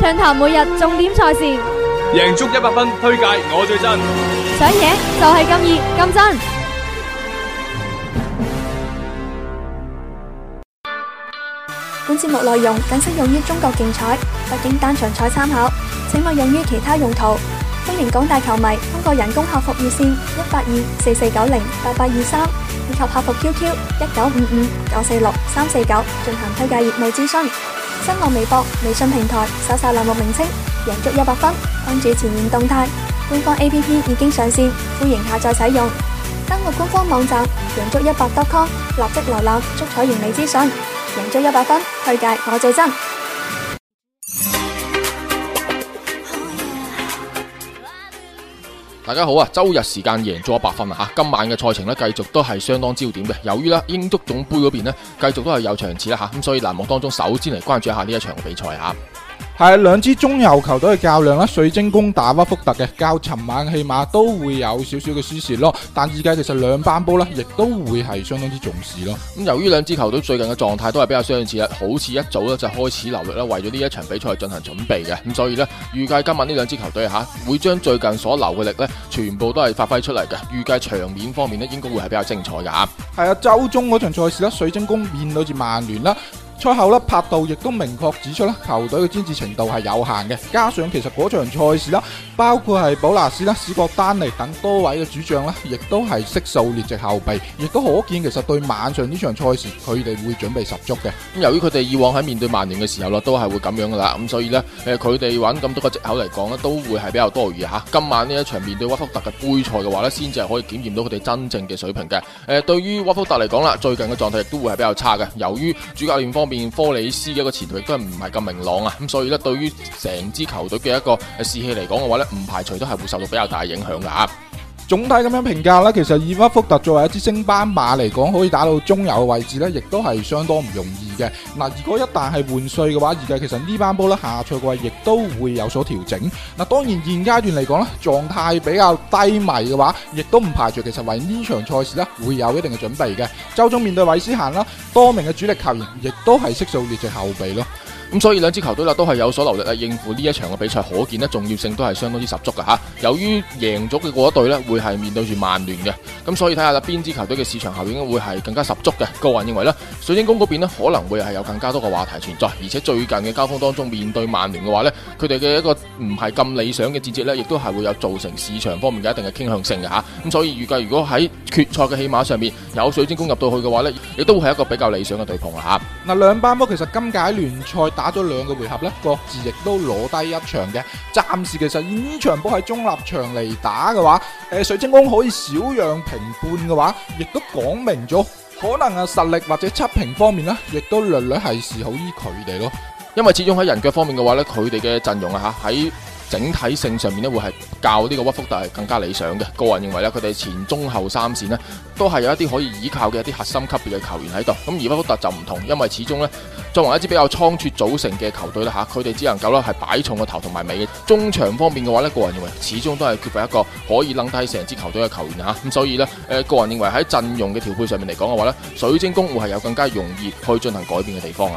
暢談每日重點賽事，贏足一百分推介我最真，想贏就係咁易咁真。本節目內容僅適用於中國競彩，北京單場彩參考，請勿用於其他用途。歡迎廣大球迷通過人工客服熱線一八二四四九零八八二三以及客服 QQ 一九五五九四六三四九進行推介業務諮詢。新浪微博、微信平台搜索欄目名稱，贏足一百分，關注前沿動態。官方 A P P 已經上線，歡迎下載使用。登錄官方網站贏足一百 .com，立即瀏覽足彩盈利資訊。贏足一百分，推介我最真。大家好啊！周日時間贏足 100FUN 啊！吓，今晚嘅賽程呢，繼續都係相當焦點嘅。由於咧英足總杯嗰邊呢，繼續都係有場次啦吓，咁所以欄目當中首先嚟關注一下呢一場比賽啊。係啊，兩支中游球隊嘅較量啦，水晶宮打屈福特嘅，較尋晚起碼都會有少少嘅輸蝕咯。但預計其實兩班波咧亦都會係相當之重視咯。咁由於兩支球隊最近嘅狀態都係比較相似啦，好似一早咧就開始留力啦，為咗呢一場比賽進行準備嘅。咁所以咧，預計今晚呢兩支球隊吓、啊、會將最近所留嘅力咧，全部都係發揮出嚟嘅。預計場面方面咧，應該會係比較精彩噶。係啊，周中嗰場賽事咧，水晶宮面對住曼聯啦。賽後呢拍到亦都明確指出，球隊嘅專注程度係有限嘅。加上其實嗰場賽事啦，包括係保拿斯啦、史國丹尼等多位嘅主將亦都係悉數列席後備。亦都可見其實對晚上呢場賽事，佢哋會準備十足嘅。咁由於佢哋以往喺面對曼聯嘅時候都係會咁樣噶啦。咁所以呢，誒佢哋揾咁多個借口嚟講都會係比較多餘吓。今晚呢一場面對沃福特嘅杯賽嘅話咧，先至係可以檢驗到佢哋真正嘅水平嘅。誒，對於沃福特嚟講啦，最近嘅狀態亦都會係比較差嘅。由於主教練方方面，科里斯嘅一個前途亦都係唔係咁明朗啊，咁所以咧，對於成支球隊嘅一個士氣嚟講嘅話咧，唔排除都係會受到比較大影響噶總體咁樣評價呢，其實以屈福特作為一支升班馬嚟講，可以打到中游嘅位置呢，亦都係相當唔容易嘅。嗱，如果一旦係換帥嘅話，而家其實呢班波呢，下賽季亦都會有所調整。嗱，當然現階段嚟講呢狀態比較低迷嘅話，亦都唔排除其實為呢場賽事呢會有一定嘅準備嘅。周中面對韋斯咸啦，多名嘅主力球員亦都係悉數列做後備咯。咁所以兩支球隊啦都係有所留力嚟應付呢一場嘅比賽，可見咧重要性都係相當之十足嘅吓。由於贏咗嘅嗰一隊咧會係面對住曼聯嘅，咁所以睇下啦邊支球隊嘅市場效應會係更加十足嘅。個人認為咧，水晶宮嗰邊咧可能會係有更加多嘅話題存在，而且最近嘅交鋒當中面對曼聯嘅話呢，佢哋嘅一個唔係咁理想嘅戰績呢，亦都係會有造成市場方面嘅一定嘅傾向性嘅吓。咁所以預計如果喺決賽嘅戲碼上面有水晶宮入到去嘅話呢，亦都係一個比較理想嘅對碰啦吓。嗱、啊，兩班波其實今屆聯賽打咗兩個回合咧，各自亦都攞低一場嘅。暫時其實呢場波喺中立場嚟打嘅話，誒、呃、水晶宮可以少讓平半嘅話，亦都講明咗可能啊實力或者出平方面咧，亦都略略係示好於佢哋咯。因為始終喺人腳方面嘅話呢，佢哋嘅陣容啊吓喺。整體性上面咧會係較呢個屈福特係更加理想嘅，個人認為呢佢哋，前中後三線呢都係有一啲可以依靠嘅一啲核心級別嘅球員喺度。咁而屈福特就唔同，因為始終呢作為一支比較倉促組成嘅球隊啦吓，佢哋只能夠呢係擺重個頭同埋尾，中場方面嘅話呢，個人認為始終都係缺乏一個可以掹低成支球隊嘅球員吓，咁所以呢，誒個人認為喺陣容嘅調配上面嚟講嘅話呢，水晶宮會係有更加容易去進行改變嘅地方。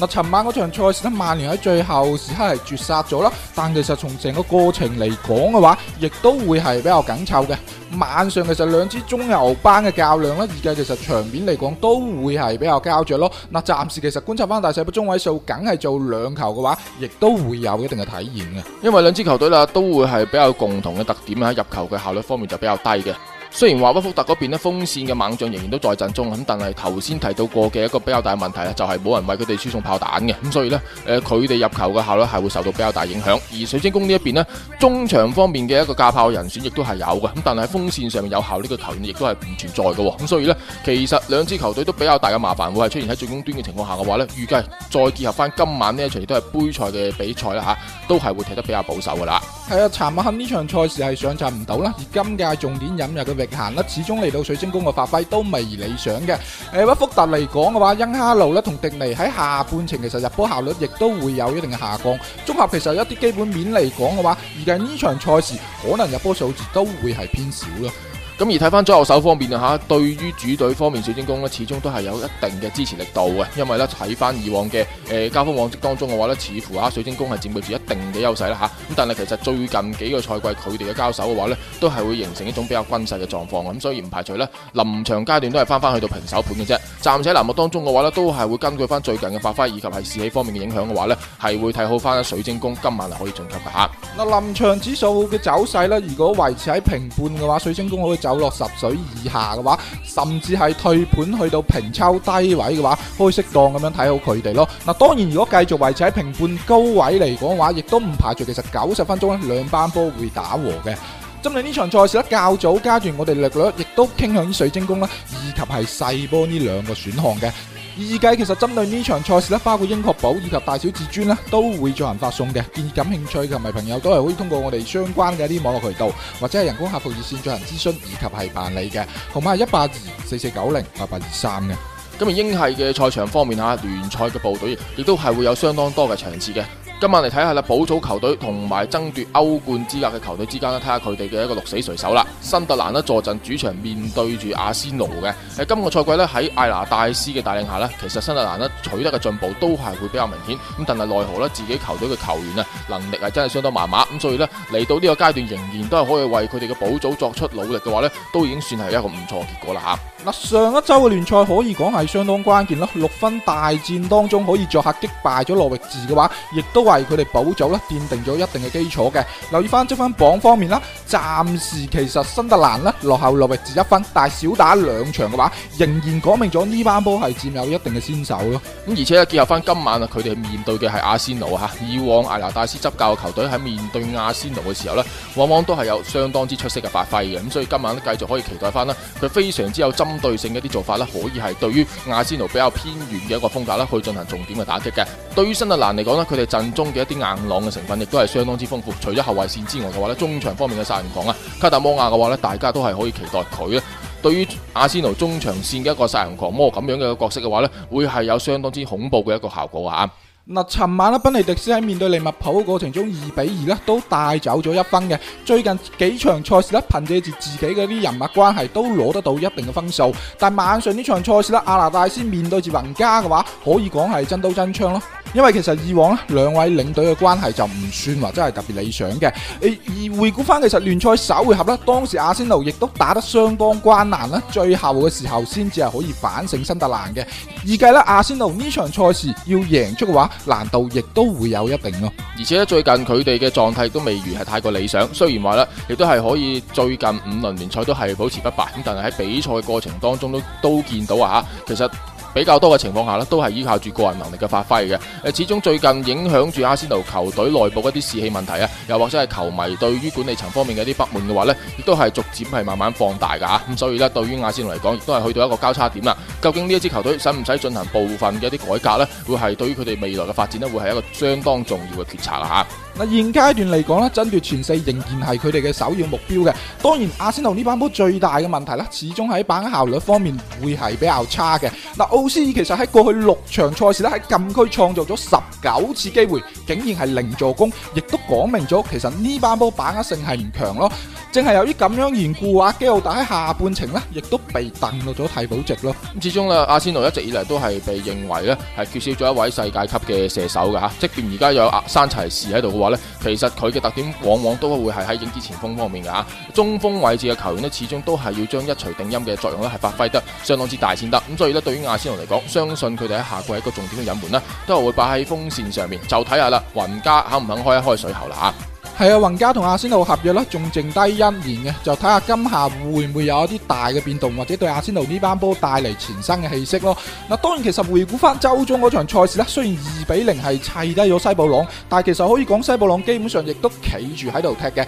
嗱，尋晚嗰場賽事，曼聯喺最後時刻係絕殺咗啦。但其實從成個過程嚟講嘅話，亦都會係比較緊湊嘅。晚上其實兩支中游班嘅較量咧，而家其實場面嚟講都會係比較膠着咯。嗱，暫時其實觀察翻大細，部中位數，梗係做兩球嘅話，亦都會有一定嘅體驗嘅。因為兩支球隊啦，都會係比較共同嘅特點喺入球嘅效率方面就比較低嘅。雖然華威福特嗰邊咧，鋒線嘅猛將仍然都在陣中，咁但係頭先提到過嘅一個比較大嘅問題咧，就係冇人為佢哋輸送炮彈嘅，咁所以呢，誒佢哋入球嘅效率係會受到比較大影響。而水晶宮呢一邊呢，中場方面嘅一個架炮人選亦都係有嘅，咁但係喺鋒線上面有效呢，呢個球員亦都係唔存在嘅，咁所以呢，其實兩支球隊都比較大嘅麻煩會係出現喺進攻端嘅情況下嘅話呢，預計再結合翻今晚呢一場亦都係盃賽嘅比賽啦吓，都係會踢得比較保守噶啦。係啊，查馬肯呢場賽事係上陣唔到啦，而今屆重點引入的比力行啦，始終嚟到水晶宮嘅發揮都未理想嘅。誒、呃，屈福特嚟講嘅話，恩哈路咧同迪尼喺下半程其實入波效率亦都會有一定嘅下降。綜合其實一啲基本面嚟講嘅話，而家呢場賽事可能入波數字都會係偏少啦。咁而睇翻左右手方面啊，吓，對於主隊方面水晶宮咧，始終都係有一定嘅支持力度嘅，因為咧睇翻以往嘅誒、呃、交鋒往績當中嘅話咧，似乎吓水晶宮係佔據住一定嘅優勢啦，吓，咁但係其實最近幾個賽季佢哋嘅交手嘅話咧，都係會形成一種比較均勢嘅狀況，咁所以唔排除咧臨場階段都係翻翻去到平手盤嘅啫。暫且欄目當中嘅話咧，都係會根據翻最近嘅發揮以及係士氣方面嘅影響嘅話咧，係會睇好翻水晶宮今晚係可以晉級嘅吓。嗱，臨場指數嘅走勢咧，如果維持喺平半嘅話，水晶宮可以走九落十水以下嘅話，甚至係退盤去到平抽低位嘅話，可以適當咁樣睇好佢哋咯。嗱，當然如果繼續維持喺平半高位嚟講嘅話，亦都唔排除其實九十分鐘咧兩班波會打和嘅。針對呢場賽事咧較早階段，我哋略略亦都傾向於水晶宮啦，以及係細波呢兩個選項嘅。意計其實針對呢場賽事咧，包括英國寶以及大小至尊都會進行發送嘅。建議感興趣同埋朋友都係可以通過我哋相關嘅一啲網絡渠道或者係人工客服熱線進行諮詢以及係辦理嘅，同埋一八二四四九零八八二三嘅。今日英系嘅賽場方面吓，聯賽嘅部隊亦都係會有相當多嘅場次嘅。今晚嚟睇下啦，保組球隊同埋爭奪歐冠資格嘅球隊之間呢，睇下佢哋嘅一個鹿死誰手啦。新特蘭呢，坐鎮主場面對住阿仙奴嘅喺今個賽季呢，喺艾拿戴斯嘅帶領下呢，其實新特蘭呢取得嘅進步都係會比較明顯咁，但係奈何呢，自己球隊嘅球員啊能力係真係相當麻麻咁，所以呢，嚟到呢個階段仍然都係可以為佢哋嘅保組作出努力嘅話呢，都已經算係一個唔錯嘅結果啦吓。嗱，上一周嘅聯賽可以講係相當關鍵啦。六分大戰當中可以作客擊敗咗羅域治嘅話，亦都為佢哋保級咧奠定咗一定嘅基礎嘅。留意翻積分榜方面啦，暫時其實新特蘭咧落後羅域治一分，但係少打兩場嘅話，仍然講明咗呢班波係佔有一定嘅先手咯。咁而且結合翻今晚啊，佢哋面對嘅係阿仙奴吓，以往艾拿戴斯執教嘅球隊喺面對阿仙奴嘅時候咧，往往都係有相當之出色嘅發揮嘅。咁所以今晚都繼續可以期待翻啦，佢非常之有針。針對性嘅一啲做法咧，可以係對於阿仙奴比較偏遠嘅一個風格咧，去進行重點嘅打擊嘅。對於新特蘭嚟講咧，佢哋陣中嘅一啲硬朗嘅成分亦都係相當之豐富。除咗後衛線之外嘅話咧，中場方面嘅殺人狂啊，卡達摩亞嘅話咧，大家都係可以期待佢咧。對於阿仙奴中場線嘅一個殺人狂魔咁樣嘅角色嘅話咧，會係有相當之恐怖嘅一個效果吓。嗱，尋晚咧，賓尼迪斯喺面對利物浦嘅過程中二比二呢都帶走咗一分嘅。最近幾場賽事呢，憑借住自己嗰啲人脈關係，都攞得到一定嘅分數。但晚上呢場賽事呢，亞拿大斯面對住雲加嘅話，可以講係真刀真槍咯。因為其實以往咧，兩位領隊嘅關係就唔算話真係特別理想嘅。而回顧翻，其實聯賽首回合呢，當時阿仙奴亦都打得相當艱難啦，最後嘅時候先至係可以反勝新特蘭嘅。預計呢，阿仙奴呢場賽事要贏出嘅話，難度亦都會有一定咯，哦，而且最近佢哋嘅狀態都未如係太過理想，雖然話咧，亦都係可以最近五輪聯賽都係保持不敗，咁但係喺比賽過程當中都都見到啊吓，其實比較多嘅情況下呢，都係依靠住個人能力嘅發揮嘅。誒，始終最近影響住阿仙奴球隊內部一啲士氣問題啊，又或者係球迷對於管理層方面嘅一啲不滿嘅話呢，亦都係逐漸係慢慢放大噶吓。咁所以呢，對於阿仙奴嚟講，亦都係去到一個交叉點啦。究竟呢一支球隊使唔使進行部分嘅一啲改革呢？會係對於佢哋未來嘅發展咧，會係一個相當重要嘅決策吓。嗱，現階段嚟講咧，爭奪前四仍然係佢哋嘅首要目標嘅。當然，阿仙奴呢班波最大嘅問題咧，始終喺把握效率方面會係比較差嘅。嗱，奧斯爾其實喺過去六場賽事咧，喺禁區創造咗十九次機會，竟然係零助攻，亦都講明咗其實呢班波把握性係唔強咯。正係由於咁樣緣故，阿基奧打喺下半程呢亦都被鄧到咗替補席咯。咁始終咧，阿仙奴一直以嚟都係被認為咧係缺少咗一位世界級嘅射手嘅吓。即便而家有阿山齊士喺度嘅話，其實佢嘅特點往往都會係喺影子前鋒方面嘅啊，中鋒位置嘅球員咧，始終都係要將一錘定音嘅作用咧，係發揮得相當之大先得。咁所以呢，對於阿仙奴嚟講，相信佢哋喺下季一個重點嘅隱瞞呢，都係會擺喺風扇上面，就睇下啦，雲家肯唔肯開一開水喉啦啊！係啊，雲加同阿仙奴合約呢，仲剩低一年嘅，就睇下今夏會唔會有一啲大嘅變動，或者對阿仙奴呢班波帶嚟全新嘅氣息咯。嗱，當然其實回顧翻周中嗰場賽事呢，雖然二比零係砌低咗西布朗，但係其實可以講西布朗基本上亦都企住喺度踢嘅。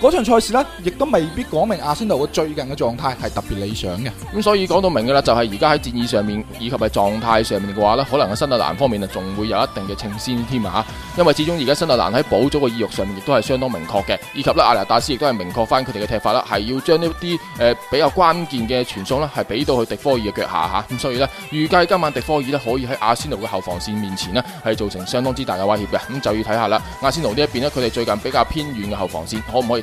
嗰場賽事呢，亦都未必講明阿仙奴嘅最近嘅狀態係特別理想嘅。咁、嗯、所以講到明嘅啦，就係而家喺戰意上面，以及係狀態上面嘅話呢，可能喺新特蘭方面啊，仲會有一定嘅稱先添啊，因為始終而家新特蘭喺保組嘅意欲上面，亦都係相當明確嘅。以及呢，亞歷大斯亦都係明確翻佢哋嘅踢法啦，係要將呢啲誒比較關鍵嘅傳送呢，係俾到去迪科爾嘅腳下嚇。咁、啊、所以呢，預計今晚迪科爾呢，可以喺阿仙奴嘅後防線面前呢，係造成相當之大嘅威脅嘅。咁、嗯、就要睇下啦，阿仙奴呢一邊呢，佢哋最近比較偏遠嘅後防線，可唔可以？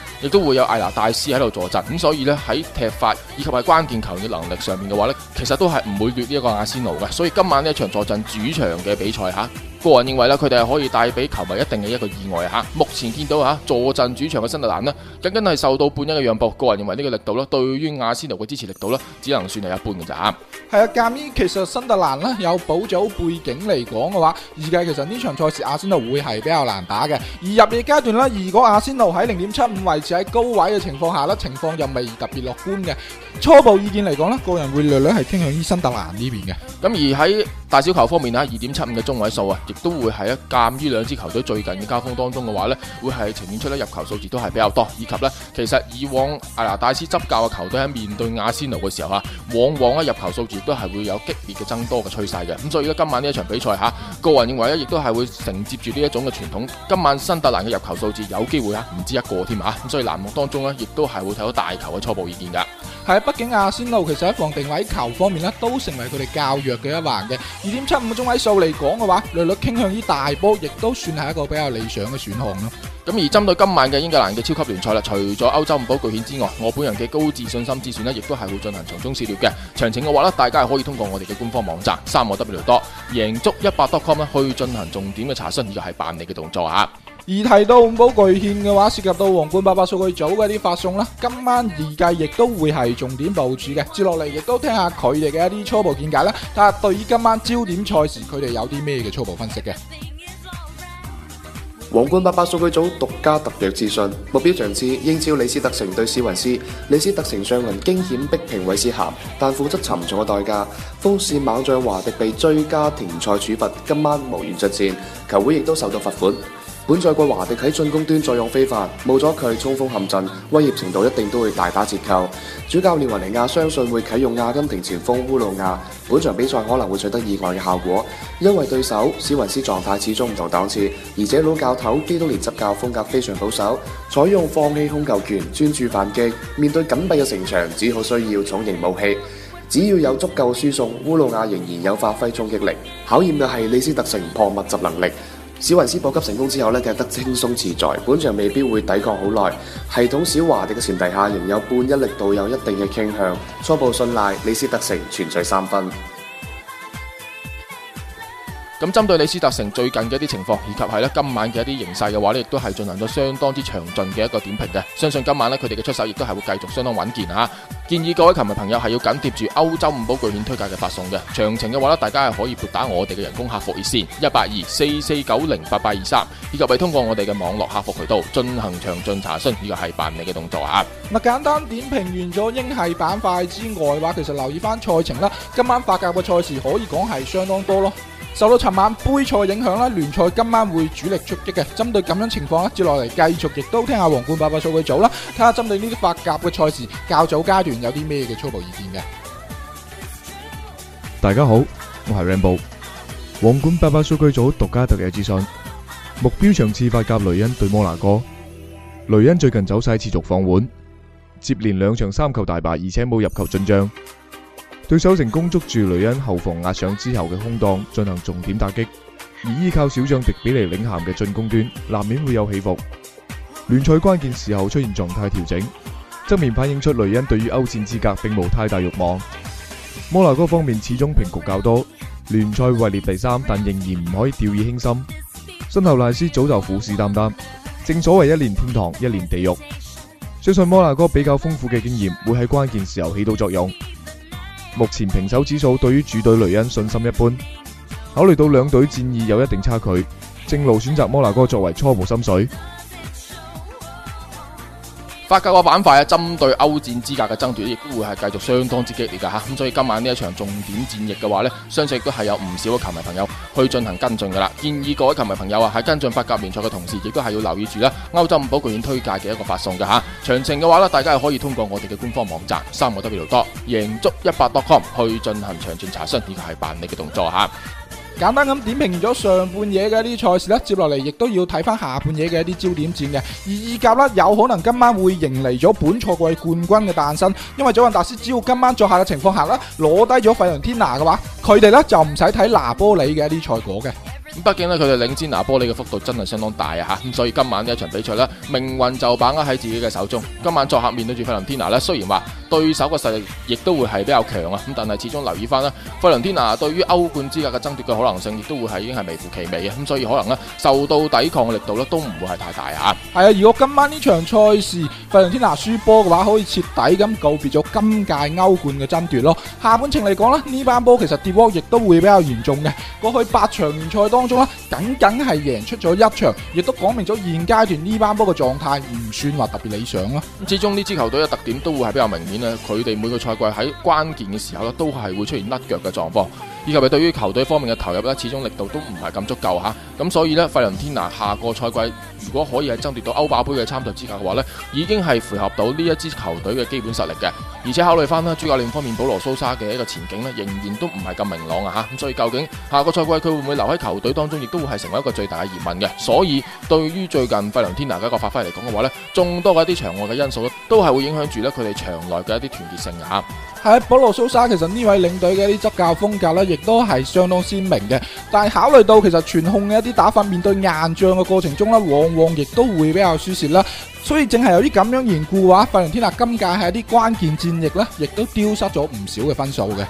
亦都會有艾拿大師喺度坐陣，咁所以呢，喺踢法以及係關鍵球員嘅能力上面嘅話呢，其實都係唔會劣呢一個阿仙奴嘅，所以今晚呢一場坐陣主場嘅比賽嚇。個人認為呢佢哋係可以帶俾球迷一定嘅一個意外啊！吓，目前見到吓坐鎮主場嘅新特蘭呢，僅僅係受到半一嘅讓步。個人認為呢個力度呢，對於阿仙奴嘅支持力度呢，只能算係一般嘅咋。係啊，鑒於其實新特蘭呢，有保組背景嚟講嘅話，預計其實呢場賽事阿仙奴會係比較難打嘅。而入夜階段呢，如果阿仙奴喺零點七五維持喺高位嘅情況下呢，情況又未特別樂觀嘅。初步意見嚟講呢，個人會略略係傾向於新特蘭呢邊嘅。咁而喺大小球方面啊，二點七五嘅中位數啊。亦都會係一鑑，於兩支球隊最近嘅交鋒當中嘅話呢，會係呈現出咧入球數字都係比較多，以及呢，其實以往阿拿大斯執教嘅球隊喺面對阿仙奴嘅時候啊，往往咧入球數字都係會有激烈嘅增多嘅趨勢嘅。咁所以咧今晚呢一場比賽嚇，個人認為咧亦都係會承接住呢一種嘅傳統，今晚新特蘭嘅入球數字有機會啊唔止一個添啊。咁所以欄目當中呢，亦都係會睇到大球嘅初步意見㗎。係啊，畢竟亞仙奴其實喺防定位球方面咧，都成為佢哋較弱嘅一環嘅。二點七五個中位數嚟講嘅話，略略傾向於大波，亦都算係一個比較理想嘅選項咯。咁而針對今晚嘅英格蘭嘅超級聯賽啦，除咗歐洲五寶巨獻之外，我本人嘅高自信心之選咧，亦都係會進行從中涉獵嘅。詳情嘅話咧，大家係可以通過我哋嘅官方網站三 W 多贏足一百多 com 咧去進行重點嘅查詢以及係辦理嘅動作啊。而提到五寶巨獻嘅話，涉及到皇冠八八數據組嘅一啲發送啦，今晚預計亦都會係重點部署嘅。接落嚟亦都聽下佢哋嘅一啲初步見解啦，睇下對於今晚焦點賽事佢哋有啲咩嘅初步分析嘅。皇冠八八數據組獨家特約資訊：目標上次英超李斯特城對史雲斯，李斯特城上輪驚險逼平韋斯咸，但付出沉重嘅代價。鋒線猛將華迪被追加停賽處罰，今晚無緣出戰，球會亦都受到罰款。本賽季華迪喺進攻端作用非凡，冇咗佢衝鋒陷陣威脅程度一定都會大打折扣。主教練雲尼亞相信會啟用阿根廷前鋒烏魯亞，本場比賽可能會取得意外嘅效果。因為對手史雲斯狀態始終唔同檔次，而且老教頭基多尼執教風格非常保守，採用放棄控球權，專注反擊。面對緊閉嘅城牆，只好需要重型武器。只要有足夠輸送，烏魯亞仍然有發揮衝擊力。考驗嘅係利斯特城破密集能力。小雲斯保級成功之後，踢得輕鬆自在，本場未必會抵抗好耐。系統小華迪嘅前提下，仍有半一力度有一定嘅傾向。初步信賴李斯特城全取三分。咁針對李斯特城最近嘅一啲情況，以及係咧今晚嘅一啲形勢嘅話咧，亦都係進行咗相當之詳盡嘅一個點評嘅。相信今晚咧佢哋嘅出手亦都係會繼續相當穩健嚇。建議各位球迷朋友係要緊貼住歐洲五寶巨獻推介嘅發送嘅。詳情嘅話咧，大家係可以撥打我哋嘅人工客服熱線一八二四四九零八八二三，4 4 23，以及係通過我哋嘅網絡客服渠道進行詳盡查詢，呢個係辦理嘅動作嚇。我簡單點評完咗英系板塊之外話，其實留意翻賽程啦。今晚發酵嘅賽事可以講係相當多咯。受到尋晚杯賽影響啦，聯賽今晚會主力出擊嘅。針對咁樣情況咧，接落嚟繼續亦都聽下皇冠八八數據組啦，睇下針對呢啲法甲嘅賽事較早階段有啲咩嘅初步意見嘅。大家好，我係 Rambo，皇冠八八數據組獨家特約資訊，目標場次法甲雷恩對摩納哥，雷恩最近走勢持續放緩，接連兩場三球大敗，而且冇入球進賬。對手成功捉住雷恩後防壓上之後嘅空檔進行重點打擊，而依靠小將迪比尼領銜嘅進攻端難免會有起伏。聯賽關鍵時候出現狀態調整，側面反映出雷恩對於歐戰資格並無太大欲望。摩納哥方面始終平局較多，聯賽位列第三，但仍然唔可以掉以輕心。身後賴斯早就虎視眈眈，正所謂一年天堂，一年地獄，相信摩納哥比較豐富嘅經驗會喺關鍵時候起到作用。目前平手指數對於主隊雷恩信心一般，考慮到兩隊戰意有一定差距，正路選擇摩納哥作為初步心水。八甲個板塊啊，針對歐戰資格嘅爭奪，亦都會係繼續相當之激烈嘅吓。咁所以今晚呢一場重點戰役嘅話呢，相信亦都係有唔少嘅球迷朋友去進行跟進噶啦。建議各位球迷朋友啊，喺跟進法甲聯賽嘅同時，亦都係要留意住啦歐洲五寶巨獻推介嘅一個發送嘅吓。詳情嘅話呢，大家係可以通過我哋嘅官方網站三個 W 多贏足一百 .com 去進行詳盡查詢以及係辦理嘅動作吓。簡單咁點評咗上半夜嘅一啲賽事啦，接落嚟亦都要睇翻下半夜嘅一啲焦點戰嘅。意甲啦，有可能今晚會迎嚟咗本賽季冠軍嘅誕生，因為祖云達斯只要今晚作客嘅情況下啦，攞低咗費倫天拿嘅話，佢哋咧就唔使睇拿波里嘅一啲賽果嘅。咁畢竟咧，佢哋領先拿波利嘅幅度真係相當大啊嚇，咁所以今晚呢一場比賽呢，命運就把握喺自己嘅手中。今晚作客面對住費倫天拿呢，雖然話對手嘅實力亦都會係比較強啊，咁但係始終留意翻啦，費倫天拿對於歐冠資格嘅爭奪嘅可能性亦都會係已經係微乎其微嘅，咁所以可能呢受到抵抗嘅力度呢都唔會係太大啊。係啊，如果今晚呢場賽事費倫天拿輸波嘅話，可以徹底咁告別咗今屆歐冠嘅爭奪咯。下半程嚟講啦，呢班波其實跌波亦都會比較嚴重嘅。過去八場聯賽當當中啦，僅僅係贏出咗一場，亦都講明咗現階段呢班波嘅狀態唔算話特別理想啦，咁始終呢支球隊嘅特點都會係比較明顯，佢哋每個賽季喺關鍵嘅時候咧都係會出現甩腳嘅狀況。以及係對於球隊方面嘅投入咧，始終力度都唔係咁足夠嚇，咁所以呢，費倫天拿下個賽季如果可以係爭奪到歐霸杯嘅參賽資格嘅話呢，已經係符合到呢一支球隊嘅基本實力嘅。而且考慮翻呢，主教練方面保羅蘇沙嘅一個前景呢，仍然都唔係咁明朗啊嚇，咁所以究竟下個賽季佢會唔會留喺球隊當中，亦都會係成為一個最大嘅疑問嘅。所以對於最近費倫天拿嘅一個發揮嚟講嘅話呢，眾多嘅一啲場外嘅因素都係會影響住呢佢哋場內嘅一啲團結性嚇。係啊，保羅蘇沙其實呢位領隊嘅一啲執教風格咧，亦都係相當鮮明嘅。但係考慮到其實全控嘅一啲打法，面對硬仗嘅過程中咧，往往亦都會比較輸蝕啦。所以正係由於咁樣緣故話，費倫天拿今屆係一啲關鍵戰役咧，亦都丟失咗唔少嘅分數嘅。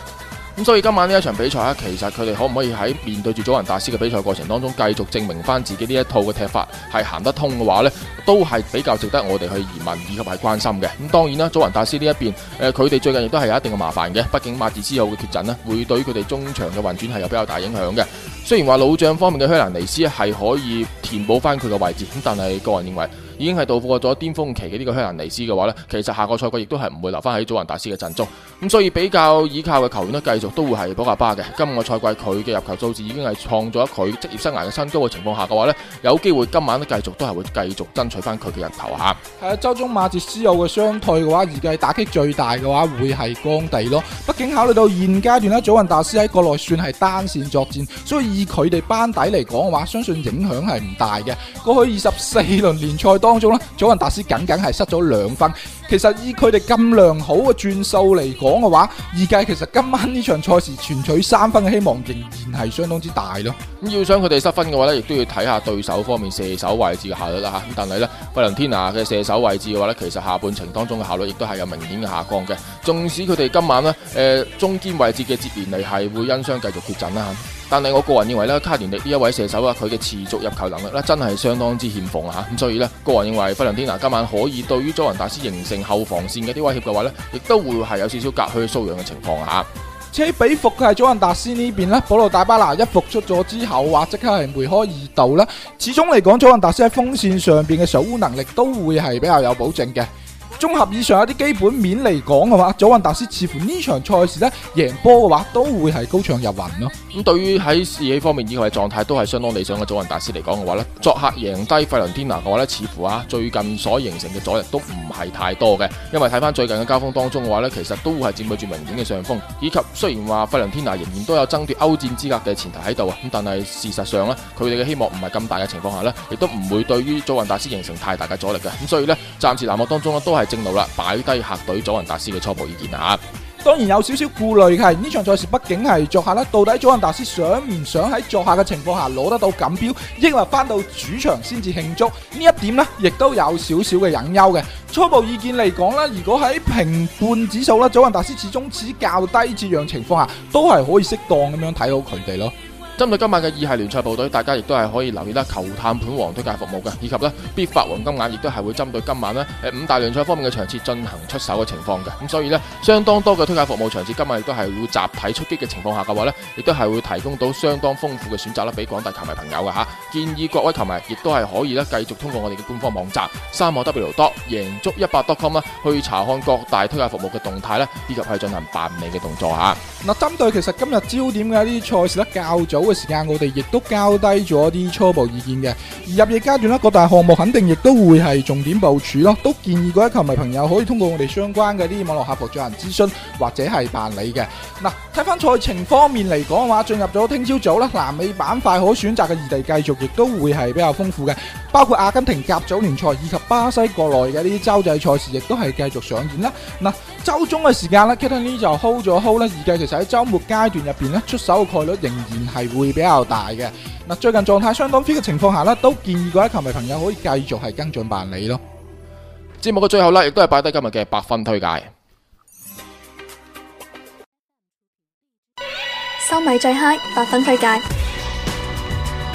咁、嗯、所以今晚呢一場比賽，咧，其實，佢哋可唔可以喺面對住祖雲達斯嘅比賽過程當中，繼續證明翻自己呢一套嘅踢法係行得通嘅話，咧，都係比較值得我哋去疑問以及係關心嘅。咁、嗯、當然啦，祖雲達斯呢一邊誒，佢、呃、哋最近亦都係有一定嘅麻煩嘅，畢竟馬基斯奧嘅缺陣咧，會對佢哋中場嘅運轉係有比較大影響嘅。雖然話老將方面嘅希蘭尼斯係可以填補翻佢嘅位置，咁但係個人認為。已經係度過咗巔峰期嘅呢個香蘭尼斯嘅話呢，其實下個賽季亦都係唔會留翻喺祖雲達斯嘅陣中，咁、嗯、所以比較倚靠嘅球員咧，繼續都會係保亞巴嘅。今個賽季佢嘅入球數字已經係創造咗佢職業生涯嘅新高嘅情況下嘅話呢，有機會今晚都繼續都係會繼續爭取翻佢嘅入球吓。係啊，周中馬哲斯奧嘅雙退嘅話，預計打擊最大嘅話會係江地咯。畢竟考慮到現階段呢祖雲達斯喺國內算係單線作戰，所以以佢哋班底嚟講嘅話，相信影響係唔大嘅。過去二十四輪聯賽當。當中咧，祖雲達斯僅僅係失咗兩分。其實以佢哋咁良好嘅轉數嚟講嘅話，預計其實今晚呢場賽事全取三分嘅希望仍然係相當之大咯。咁要想佢哋失分嘅話呢，亦都要睇下對手方面射手位置嘅效率啦吓。咁但係呢，費倫天拿嘅射手位置嘅話呢，其實下半程當中嘅效率亦都係有明顯嘅下降嘅。縱使佢哋今晚呢，誒、呃，中堅位置嘅哲連尼係會因傷繼續缺陣啦。但係我個人認為咧，卡連力呢一位射手啊，佢嘅持續入球能力咧，真係相當之欠奉啊！咁所以呢，個人認為費倫天拿今晚可以對於祖雲達斯形成後防線嘅啲威脅嘅話呢，亦都會係有少少隔靴搔癢嘅情況啊！且比伏佢係祖雲達斯呢邊咧，保羅迪巴拿一復出咗之後啊，即刻係梅開二度啦！始終嚟講，祖雲達斯喺鋒線上邊嘅守護能力都會係比較有保證嘅。綜合以上一啲基本面嚟講嘅話，祖雲達斯似乎這場賽呢場賽事咧，贏波嘅話，都會係高唱入雲咯。咁對於喺士氣方面以個嘅狀態都係相當理想嘅祖雲達斯嚟講嘅話呢，作客贏低費倫天拿嘅話呢，似乎啊，最近所形成嘅阻力都唔係太多嘅。因為睇翻最近嘅交鋒當中嘅話呢，其實都係佔據住明顯嘅上風。以及雖然話費倫天拿仍然都有爭奪歐戰資格嘅前提喺度啊，咁但係事實上呢，佢哋嘅希望唔係咁大嘅情況下呢，亦都唔會對於祖雲達斯形成太大嘅阻力嘅。咁所以呢，暫時欄目當中呢，都係。正路啦，擺低客隊祖雲達斯嘅初步意見吓，當然有少少顧慮係呢場賽事，畢竟係作客啦。到底祖雲達斯想唔想喺作客嘅情況下攞得到錦標，抑或翻到主場先至慶祝？呢一點呢，亦都有少少嘅隱憂嘅。初步意見嚟講啦，如果喺平半指數啦，祖雲達斯始終只較低指數情況下，都係可以適當咁樣睇好佢哋咯。針對今晚嘅意系聯賽部隊，大家亦都係可以留意啦。球探盤王推介服務嘅，以及呢必發黃金眼亦都係會針對今晚呢誒五大聯賽方面嘅場次進行出手嘅情況嘅。咁所以呢，相當多嘅推介服務場次，今日亦都係會集體出擊嘅情況下嘅話呢，亦都係會提供到相當豐富嘅選擇啦，俾廣大球迷朋友嘅嚇。建議各位球迷亦都係可以呢繼續通過我哋嘅官方網站三個 W 多贏足一百 .com 去查看各大推介服務嘅動態呢，以及係進行辦理嘅動作嚇。嗱，針對其實今日焦點嘅一啲賽事咧，較早。時間我哋亦都交低咗啲初步意見嘅，而入夜階段啦，各大項目肯定亦都會係重點部署咯，都建議各位球迷朋友可以通過我哋相關嘅啲網絡客服進行諮詢或者係辦理嘅。嗱、啊，睇翻賽程方面嚟講嘅話，進入咗聽朝早啦，南美板塊可選擇嘅異地繼續亦都會係比較豐富嘅，包括阿根廷甲組聯賽以及巴西國內嘅呢啲洲際賽事亦都係繼續上演啦。嗱、啊，周中嘅時間 Kittany 呢就 hold 咗 hold 啦，預計其實喺周末階段入邊咧，出手嘅概率仍然係會會比較大嘅。嗱，最近狀態相當 fit 嘅情況下咧，都建議各位球迷朋友可以繼續係跟進辦理咯。節目嘅最後呢，亦都係擺低今日嘅百分推介，收米最 high 百分推介。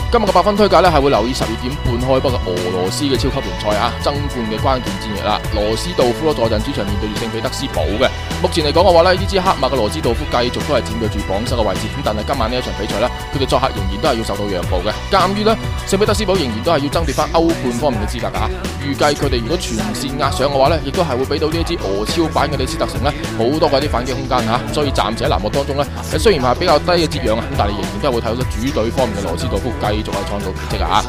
今日嘅八分推介呢，係會留意十二點半開波嘅俄羅斯嘅超級聯賽啊，爭冠嘅關鍵戰役啦。羅斯道夫咯，坐鎮主場面對住聖彼得斯堡嘅。目前嚟講嘅話呢，呢支黑馬嘅羅斯道夫繼續都係佔據住榜首嘅位置。咁但係今晚呢一場比賽呢，佢哋作客仍然都係要受到讓步嘅。鑒於呢聖彼得斯堡仍然都係要爭奪翻歐冠方面嘅資格噶吓。預計佢哋如果全線壓上嘅話呢，亦都係會俾到呢一支俄超版嘅李斯特城呢好多啲反擊空間吓、啊。所以暫時喺欄目當中呢，雖然係比較低嘅折讓啊，但係仍然都係會睇到主隊方面嘅羅斯道夫繼續以創造奇蹟啊！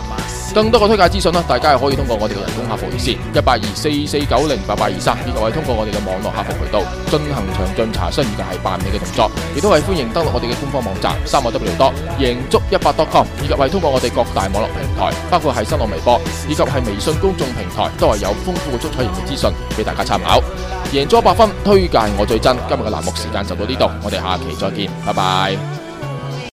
更多嘅推介資訊呢？大家係可以通過我哋嘅人工客服熱線一八二四四九零八八二三，亦都係通過我哋嘅網絡客服渠道進行詳盡查詢，以及係辦理嘅動作，亦都係歡迎登錄我哋嘅官方網站三六 w e r o 多贏足一八 d c o m 以及係通過我哋各大網絡平台，包括係新浪微博以及係微信公眾平台，都係有豐富嘅足彩型嘅資訊俾大家參考。贏咗百分，推介我最真。今日嘅欄目時間就到呢度，我哋下期再見，拜拜。